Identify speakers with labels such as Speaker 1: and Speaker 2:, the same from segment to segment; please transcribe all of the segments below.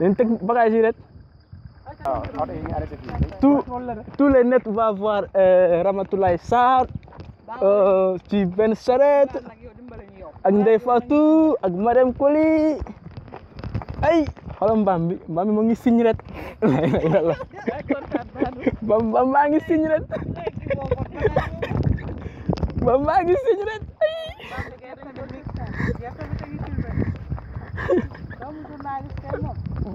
Speaker 1: dañ teg bagage yi rek tout tous les net va voir euh, Ramatoulaye Sarr euh, ci benn charrette ak Ndeye Fatou ak Marème Koli ay xoolal mbaam bi moo ngi siñ ret la mbaam ngi siñ ret mbaam maa ngi siñ ret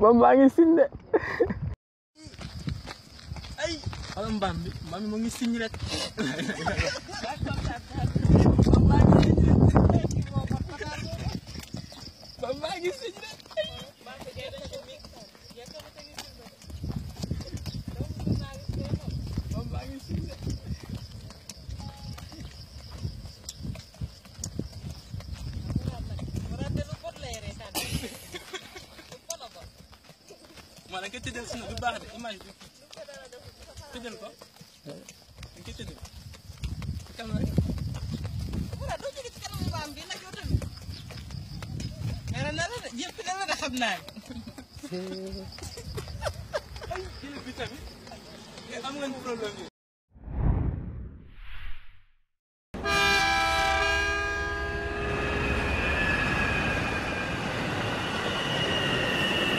Speaker 1: moom maa ngi siñ de. ay xoolal mbaam bi mbaam bi mu ngi siñ rek. mbaam maa ngi siñ rek. dañ koy tëddal si du baax de image bi tëddal ko dañ koy tëddal caméra yëpp la la xam naa ay jël bi tamit am nga problème